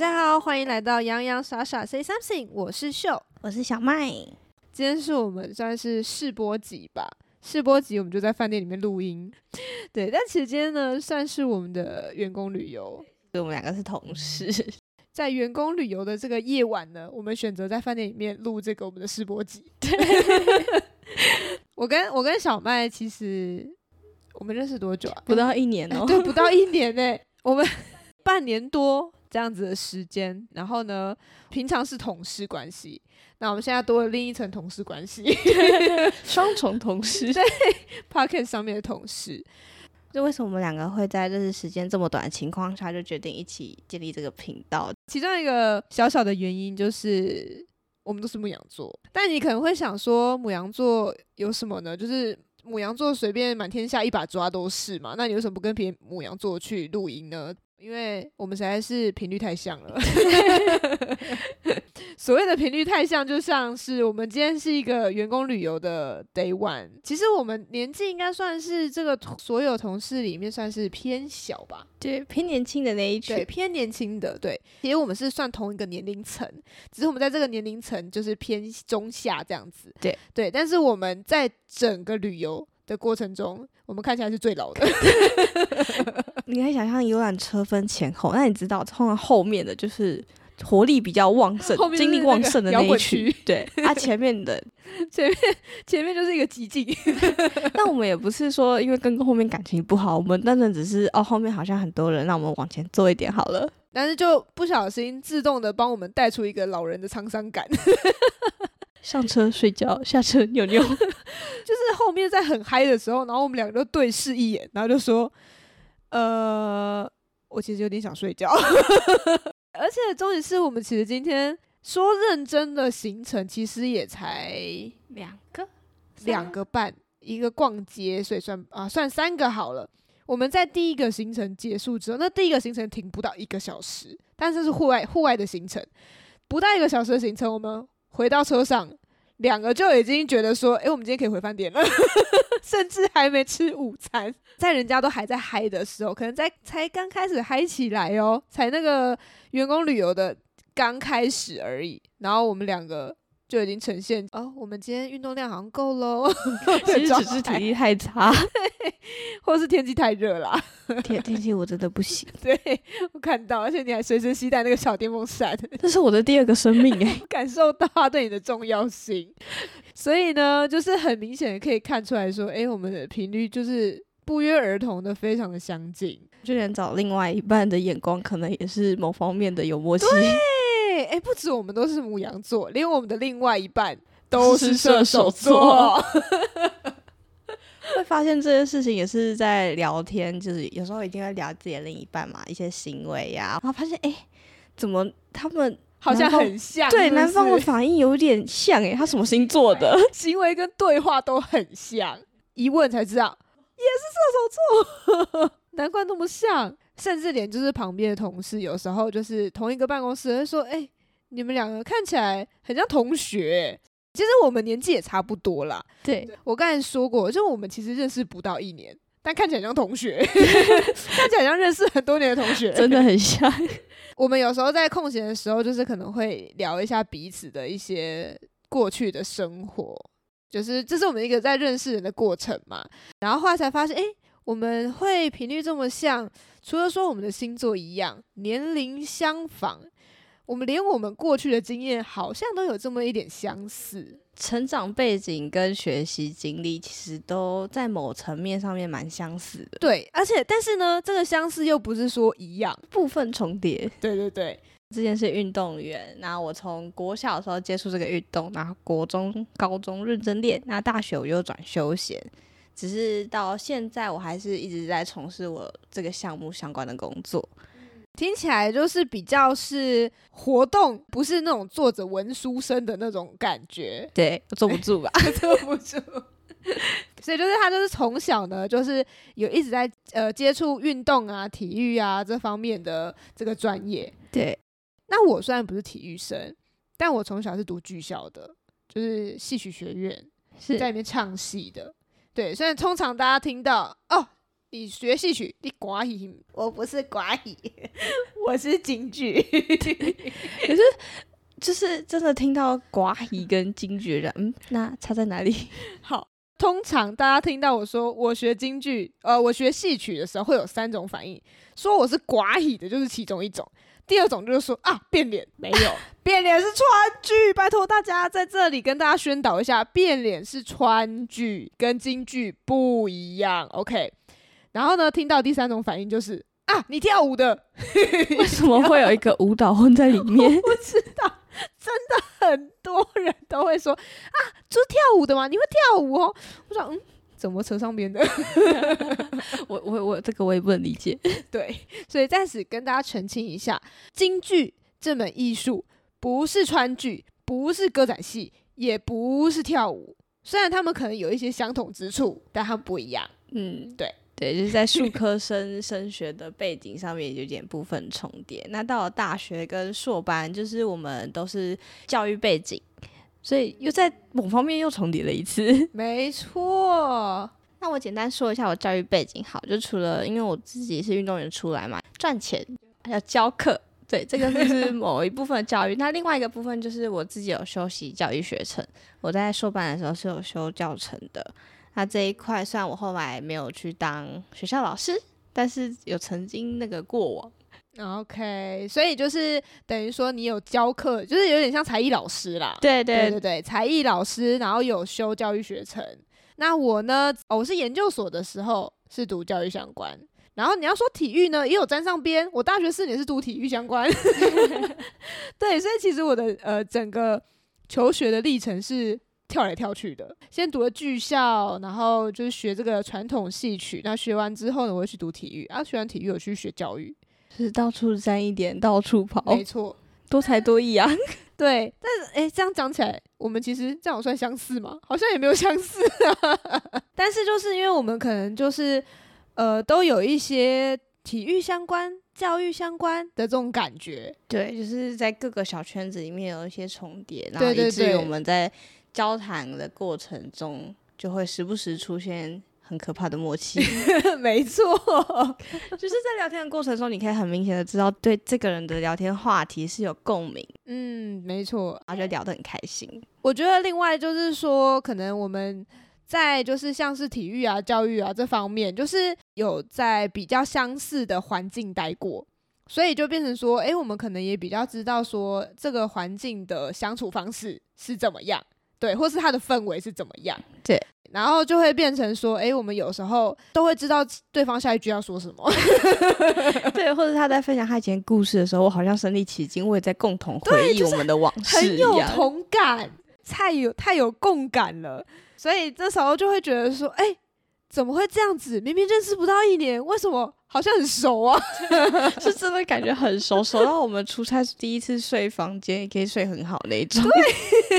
大家好，歡迎來到洋洋耍耍 Say Something。我是秀，我是小麥。今天是我們算是試播集吧，試播集我們就在飯店裡面錄音。對，但其實今天呢，算是我們的員工旅遊，因為我們兩個是同事。在員工旅遊的這個夜晚呢，我們選擇在飯店裡面錄這個我們的試播集。對， 我跟我跟小麥其實我們認識多久啊？不到一年哦、哎，對，不到一年呢、欸。 我們半年多，這樣子的時間，然後呢，平常是同事關係，那我們現在多了另一層同事關係，雙 重同事。所以 ，Pocket 上面的同事，就為什麼我們兩個會在認識時間這麼短的情況下就決定一起建立這個頻道？其中一個小小的原因就是我們都是牡羊座，但你可能會想說，牡羊座有什麼呢？就是牡羊座隨便滿天下一把抓都是嘛？那你為什麼不跟別的牡羊座去露營呢？因為我們實在是頻率太像了， 所謂的頻率太像，就像是我們今天是一個員工旅遊的 day one。其實我們年紀應該算是這個所有同事裡面算是偏小吧，對，偏年輕的那一群，偏年輕的，對。因為我們是算同一個年齡層，只是我們在這個年齡層就是偏中下這樣子。對，對。但是我們在整個旅遊的過程中，我們看起來是最老的。 你可以想象遊覽車分前後，那你知道，通常後面的就是活力比較旺盛，精力旺盛的那一區。對， 啊，前面的前面前面就是一個寂靜。那 我們也不是說因為跟、跟後面感情不好，我們單純只是哦，後面好像很多人，那我們往前坐一點好了。但是就不小心自動的幫我們帶出一個老人的滄桑感。 上車睡覺，下車扭扭。 就是後面在很嗨的時候，然後我們兩個就對視一眼，然後就說。呃，我其實有點想睡覺， 而且重點是我們其實今天說認真的行程，其實也才兩個、兩個半，一個逛街，所以算啊算三個好了。我們在第一個行程結束之後，那第一個行程停不到一個小時，但是是戶外戶外的行程，不到一個小時的行程，我們回到車上。兩個就已經覺得說，誒，我們今天可以回飯店了， 甚至還沒吃午餐，在人家都還在嗨的時候，可能在，才剛開始嗨起來哦，才那個員工旅遊的剛開始而已，然後我們兩個。就已經呈現哦，我們今天運動量好像夠嘍。 其實只是體力太差， 或是天氣太熱啦。 天天氣我真的不行。對我看到，而且你還隨時攜帶那個小電風扇， 這是我的第二個生命哎、欸。 感受到它對你的重要性， 所以呢，就是很明顯可以看出來說，哎，我們的頻率就是不約而同的非常的相近。就連找另外一半的眼光，可能也是某方面的有默契。哎，不止我們都是牡羊座，連我們的另外一半都是射手座，手座 會發現這件事情也是在聊天，就是有時候一定要了解另一半嘛，一些行為呀、啊，然後發現哎，怎麼他們好像很像？對，男是方的反應有點像哎、欸，他什麼星座的？行為跟對話都很像，一問才知道也是射手座， 難怪那麼像，甚至連就是旁邊的同事，有時候就是同一個辦公室，會說哎。誒你們兩個看起來很像同學，欸，其實我們年紀也差不多啦。對，我剛才說過，就我們其實認識不到一年，但看起來很像同學，對 看起來很像認識很多年的同學，真的很像。 我們有時候在空閒的時候，就是可能會聊一下彼此的一些過去的生活，就是這是我們一個在認識人的過程嘛。然後後來才發現，哎，欸，我們會頻率這麼像，除了說我們的星座一樣，年齡相仿。我們連我們過去的經驗好像都有這麼一點相似，成長背景跟學習經歷其實都在某層面上面蠻相似的。對，而且但是呢，這個相似又不是說一樣，部分重疊。對對對，之前是運動員，然後我從國小的時候接觸這個運動，然後國中、高中認真練，那大學我又轉休閒，只是到現在我還是一直在從事我這個項目相關的工作。聽起來就是比較是活動，不是那種坐着文書生的那種感覺。對，坐不住吧？ 坐不住。 所以就是他，就是從小呢，就是有一直在呃接觸運動啊、體育啊這方面的這個專業。對。那我雖然不是體育生，但我從小是讀劇校的，就是戲曲學院，是在裡面唱戲的。對。雖然通常大家聽到哦。你學戲曲，你歌仔戲，我不是歌仔戲，我是京劇。 可是，就是真的聽到歌仔戲跟京劇的人，嗯，那差在哪裡？好，通常大家聽到我說我學京劇，呃，我學戲曲的時候會有三種反應，說我是歌仔戲的，就是其中一種。第二種就是說啊，變臉沒有， 變臉是川劇。拜託大家在這裡跟大家宣導一下，變臉是川劇，跟京劇不一樣。OK。然後呢，聽到第三種反應就是啊，你跳舞的， 為什麼會有一個舞蹈混在裡面？ 我不知道，真的很多人都會說啊，這、就是、跳舞的嗎？你會跳舞哦？我說嗯，怎麼扯上邊的？ 我我我，這個我也不能理解。對，所以在此跟大家澄清一下，京劇這門藝術不是川劇，不是歌仔戲，也不是跳舞。雖然他們可能有一些相同之處，但他們不一樣。嗯，對。對，就是在術科生升學的背景上面有一點部分重疊。 那到了大學跟碩班，就是我們都是教育背景，所以又在某方面又重疊了一次。沒錯。 那我簡單說一下我教育背景，好，就除了因為我自己是運動員出來嘛，賺錢還教課，對，這個就是某一部分的教育。 那另外一個部分就是我自己有修習教育學程，我在碩班的時候是有修教程的。他、啊、這一塊，雖然我後來沒有去當學校老師，但是有曾經那個過往。OK，所以就是等於說你有教課，就是有點像才藝老師啦。對對對對，對對對才藝老師，然後有修教育學程。那我呢，我是研究所的時候是讀教育相關，然後你要說體育呢，也有沾上邊。我大學四年是讀體育相關。 對，所以其實我的呃整個求學的歷程是。跳來跳去的，先讀了劇校，然後就是學這個傳統戲曲。那學完之後呢，我會去讀體育啊，學完體育，我去學教育，就是到處沾一點，到處跑。沒錯，多才多藝啊。 對，但是哎，這樣講起來，我們其實這樣算相似嗎？好像也沒有相似啊。但是就是因為我們可能就是呃，都有一些體育相關、教育相關的這種感覺。對，就是在各個小圈子裡面有一些重疊，對對對，然後以至於我們在。交談的過程中，就會時不時出現很可怕的默契。 沒錯 錯， 就是在聊天的過程中，你可以很明顯的知道對這個人的聊天話題是有共鳴。嗯，沒錯，而且聊得很開心。我覺得另外就是說，可能我們在就是像是體育啊、教育啊這方面，就是有在比較相似的環境待過，所以就變成說，哎，我們可能也比較知道說這個環境的相處方式是怎麼樣。對，或是他的氛圍是怎麼樣？對，然後就會變成說，哎、欸，我們有時候都會知道對方下一句要說什麼。 對，或者他在分享他以前故事的時候，我好像身臨其境，我也在共同回憶我們的往事、就是、很有同感， 太有太有共感了，所以這時候就會覺得說，哎、欸。怎麼會這樣子？明明認識不到一年，為什麼好像很熟啊？ 是真的感覺很熟，熟到我們出差是第一次睡房間，也可以睡很好那一種。對，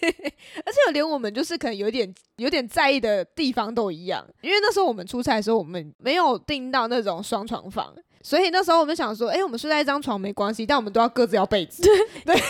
而且連我們就是可能有點有點在意的地方都一樣。因為那時候我們出差的時候，我們沒有訂到那種雙床房，所以那時候我們想說，哎、欸，我們睡在一張床沒關係，但我們都要各自要被子。對。對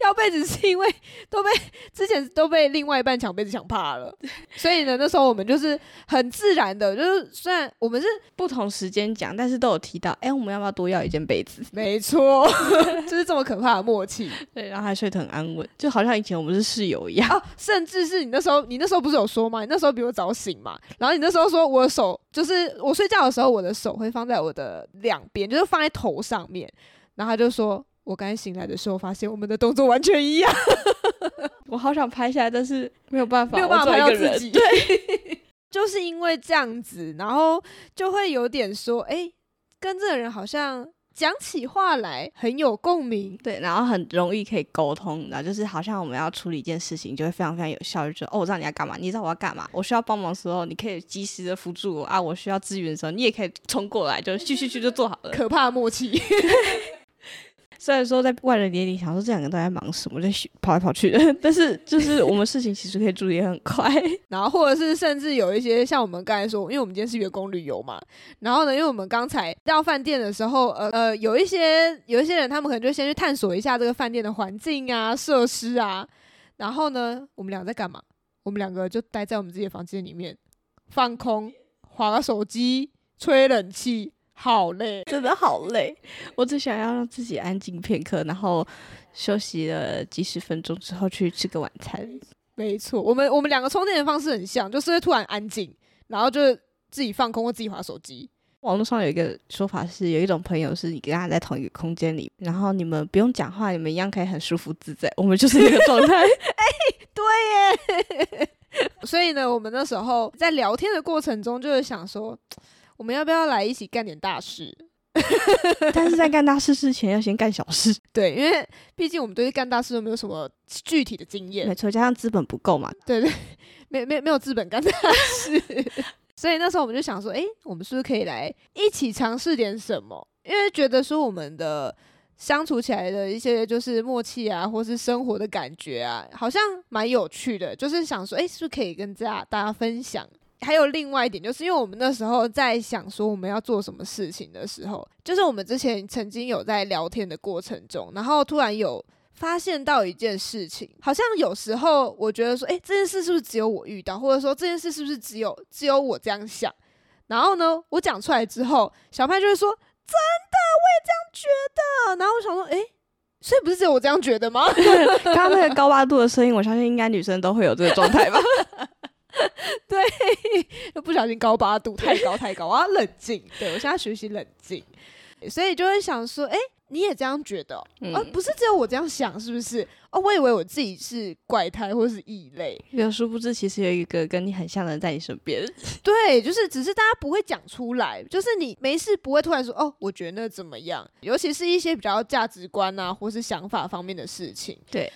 要被子，是因為都被之前都被另外一半搶被子搶怕了，所以呢，那時候我們就是很自然的，就是雖然我們是不同時間講，但是都有提到，哎、欸，我們要不要多要一件被子？沒錯， 就是這麼可怕的默契。對，然後還睡得很安穩，就好像以前我們是室友一樣、啊。甚至是你那時候，你那時候不是有說嗎？你那時候比我早醒嘛，然後你那時候說我的手，就是我睡覺的時候，我的手會放在我的兩邊，就是放在頭上面，然後他就說。我剛才醒來的時候，發現我們的動作完全一樣。 我好想拍下來，但是沒有辦法，沒有辦法拍到自己。對， 就是因為這樣子，然後就會有點說，哎，跟這個人好像講起話來很有共鳴。對，然後很容易可以溝通。然後就是好像我們要處理一件事情，就會非常非常有效率。就哦，我知道你要幹嘛，你知道我要幹嘛。我需要幫忙的時候，你可以及時的輔助我啊。我需要支援的時候，你也可以衝過來，就去去去就做好了。可怕的默契。 雖然說在外人眼裡，想說，這兩個人都在忙什麼，在跑來跑去，但是就是我們事情其實可以做的也很快。 然後或者是甚至有一些像我們剛才說，因為我們今天是員工旅遊嘛，然後呢，因為我們剛才到飯店的時候，呃呃，有一些有一些人他們可能就先去探索一下這個飯店的環境啊、設施啊。然後呢，我們兩個在幹嘛？我們兩個就待在我們自己的房間裡面，放空、滑手機、吹冷氣。好累，真的好累。 我只想要讓自己安靜片刻，然後休息了幾十分鐘之後去吃個晚餐。沒錯，我們我們兩個充電的方式很像，就是會突然安靜，然後就是自己放空或自己滑手機。網絡上有一個說法是，有一種朋友是你跟他在同一個空間裡，然後你們不用講話，你們一樣可以很舒服自在。我們就是那個狀態。哎、 欸，對耶。 所以呢，我們那時候在聊天的過程中，就是想說。我們要不要來一起幹點大事？但是在幹大事之前，要先幹小事。 對，因為畢竟我們對於幹大事都沒有什麼具體的經驗，沒錯，加上資本不夠嘛。對，對對，沒有沒沒有資本幹大事。 所以那時候我們就想說，哎、欸，我們是不是可以來一起嘗試點什麼？因為覺得說我們的相處起來的一些就是默契啊，或是生活的感覺啊，好像蠻有趣的。就是想說，哎、欸，是不是可以跟大家大家分享？還有另外一點，就是因為我們那時候在想說我們要做什麼事情的時候，就是我們之前曾經有在聊天的過程中，然後突然有發現到一件事情，好像有時候我覺得說，哎、欸，這件事是不是只有我遇到，或者說這件事是不是只有只有我這樣想？然後呢，我講出來之後，小潘就會說，真的，我也這樣覺得。然後我想說，哎、欸，所以不是只有我這樣覺得嗎？對，他 那個高八度的聲音，我相信應該女生都會有這個狀態吧。 對，又不小心高八度太高太高，我要冷靜。對，我現在學習冷靜，所以就會想說，哎，你也這樣覺得哦？嗯。啊，不是只有我這樣想，是不是？哦，我以為我自己是怪胎或是異類，有殊不知其實有一個跟你很像的人在你身邊。對，就是只是大家不會講出來，就是你沒事不會突然說，哦，我覺得那怎麼樣？尤其是一些比較價值觀啊，或是想法方面的事情。對，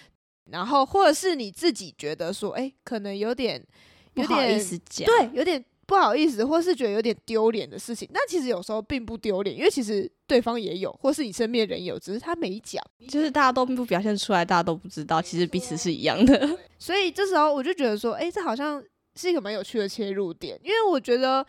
然後或者是你自己覺得說，哎，可能有點。有點不好意思講，對，有點不好意思，或是覺得有點丟臉的事情。那其實有時候並不丟臉，因為其實對方也有，或是你身邊人有，只是他沒講。就是大家都並不表現出來，大家都不知道，其實彼此是一樣的。錯 所以這時候我就覺得說，哎、欸，這好像是一個蠻有趣的切入點，因為我覺得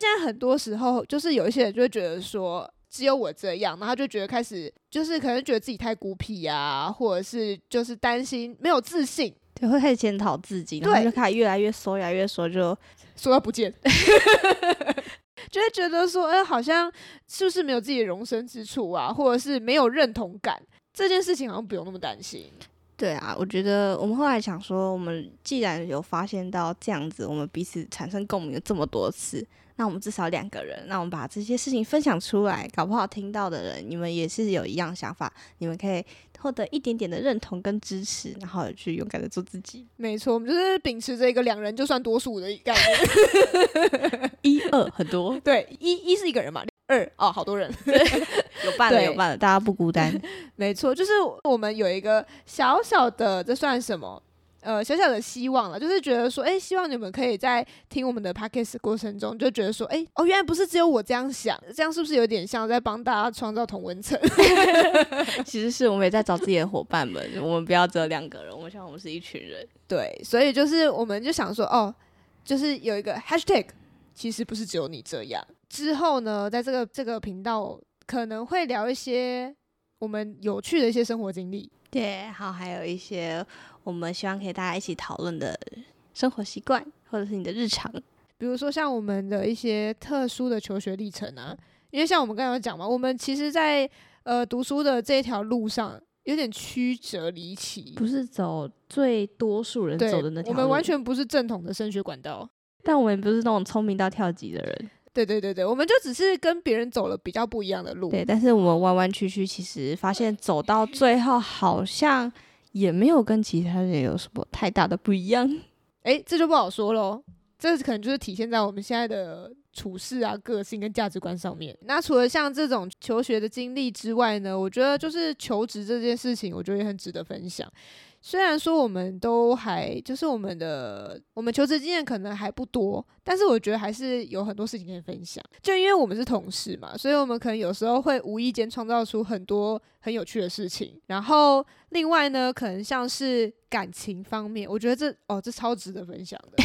現在很多時候就是有一些人就會覺得說只有我這樣，然後就覺得開始就是可能覺得自己太孤僻啊，或者是就是擔心沒有自信。對，會開始檢討自己，然後就開始越來越縮對，越來越縮，就縮到不見， 就會覺得說，哎、呃，好像是不是沒有自己的容身之處啊，或者是沒有認同感？這件事情好像不用那麼擔心。對啊，我覺得我們後來想說，我們既然有發現到這樣子，我們彼此產生共鳴了這麼多次，那我們至少兩個人，那我們把這些事情分享出來，搞不好聽到的人，你們也是有一樣想法，你們可以。獲得一點點的認同跟支持，然後去勇敢的做自己。沒錯，我們就是秉持著一個兩人就算多數的概念。 一、二，很多。對，一、一是一個人嘛，二哦，好多人。 有伴了，對有伴了，大家不孤單。沒錯，就是我們有一個小小的，這算什麼？呃，小小的希望了，就是覺得說，哎、欸，希望你們可以在聽我們的 podcast 過程中，就覺得說，哎、欸，哦，原來不是只有我這樣想，這樣是不是有點像在幫大家創造同溫層？ 其實是我們也在找自己的夥伴們， 我們不要只有兩個人，我們想我們是一群人。對，所以就是我們就想說，哦，就是有一個 hashtag，其實不是只有你這樣。之後呢，在這個這個頻道可能會聊一些我們有趣的一些生活經歷。對，好，還有一些我們希望可以大家一起討論的生活習慣，或者是你的日常，比如說像我們的一些特殊的求學歷程啊，因為像我們剛剛有講嘛，我們其實在，在呃讀書的這一條路上有點曲折離奇，不是走最多數人走的那條路，我們完全不是正統的升學管道，但我們不是那種聰明到跳級的人。對對對對，我們就只是跟別人走了比較不一樣的路。對，但是我們彎彎曲曲，其實發現走到最後，好像也沒有跟其他人有什麼太大的不一樣。哎、欸，這就不好說嘍。這可能就是體現在我們現在的處事啊、個性跟價值觀上面。那除了像這種求學的經歷之外呢，我覺得就是求職這件事情，我覺得也很值得分享。雖然說我們都還就是我們的我們求職經驗可能還不多，但是我覺得還是有很多事情可以分享。就因為我們是同事嘛，所以我們可能有時候會無意間創造出很多很有趣的事情。然後另外呢，可能像是感情方面，我覺得這哦這超值得分享的。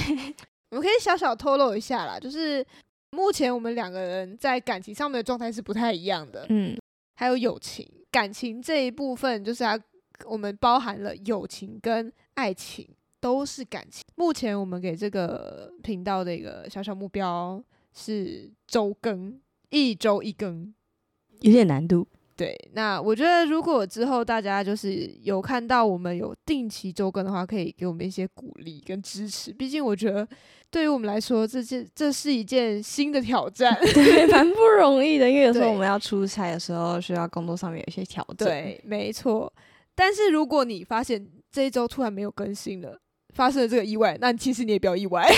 我們可以小小透露一下啦，就是目前我們兩個人在感情上面的狀態是不太一樣的。嗯，還有友情，感情這一部分，就是啊。我們包含了友情跟愛情，都是感情。目前我們給這個頻道的一個小小目標是周更，一周一更，有點難度。對，那我覺得如果之後大家就是有看到我們有定期周更的話，可以給我們一些鼓勵跟支持。畢竟我覺得對於我們來說，這件，這是一件新的挑戰， 對，蠻不容易的。因為有時候我們要出差的時候，需要工作上面有一些調整。對，沒錯。但是如果你發現這一周突然沒有更新了，發生了這個意外，那其實你也不要意外，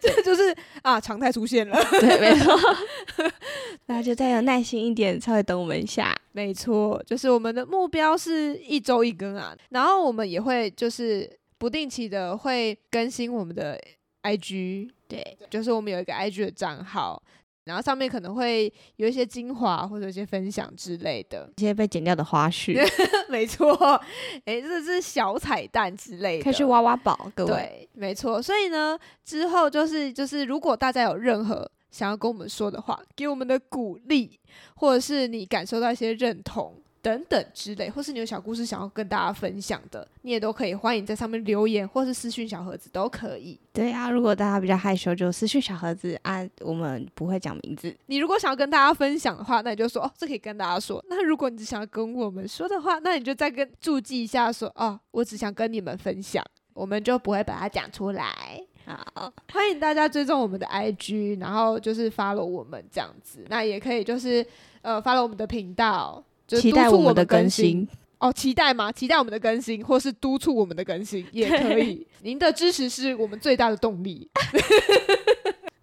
對， 就是啊，常態出現了，對，沒錯， 那就再有耐心一點，稍微等我們一下，沒錯，就是我們的目標是一周一更啊，然後我們也會就是不定期的會更新我們的 IG，對，就是我們有一個 IG 的賬號。然後上面可能會有一些精華或者一些分享之類的，一些被剪掉的花絮， 沒錯，誒、欸，這是小彩蛋之類的，可以去挖挖寶，各位，對，沒錯。所以呢，之後就是就是，如果大家有任何想要跟我們說的話，給我們的鼓勵，或者是你感受到一些認同。等等之類，或是你有小故事想要跟大家分享的，你也都可以，歡迎在上面留言，或是私訊小盒子都可以。對啊，如果大家比較害羞，就私訊小盒子啊，我們不會講名字。你如果想要跟大家分享的話，那你就說哦，這可以跟大家說。那如果你只想要跟我們說的話，那你就再跟註記一下說哦，我只想跟你們分享，我們就不會把它講出來。好，歡迎大家追蹤我們的 IG，然後就是 follow 我們這樣子，那也可以就是呃 follow 我們的頻道。期待我們的更新哦，期待嗎？期待我們的更新，或是督促我們的更新也可以。對您的支持是我們最大的動力。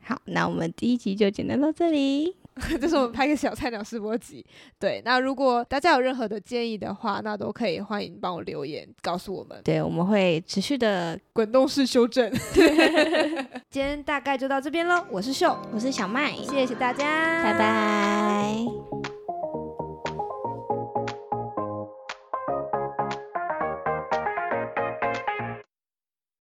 啊、 好，那我們第一集就簡單到這裡，這是我們拍個小菜鳥試播集。嗯、對，那如果大家有任何的建議的話，那都可以歡迎幫我留言告訴我們。對，我們會持續的滾動式修正。 對，今天大概就到這邊嘍。我是秀，我是小麥，謝謝大家，拜拜。拜拜。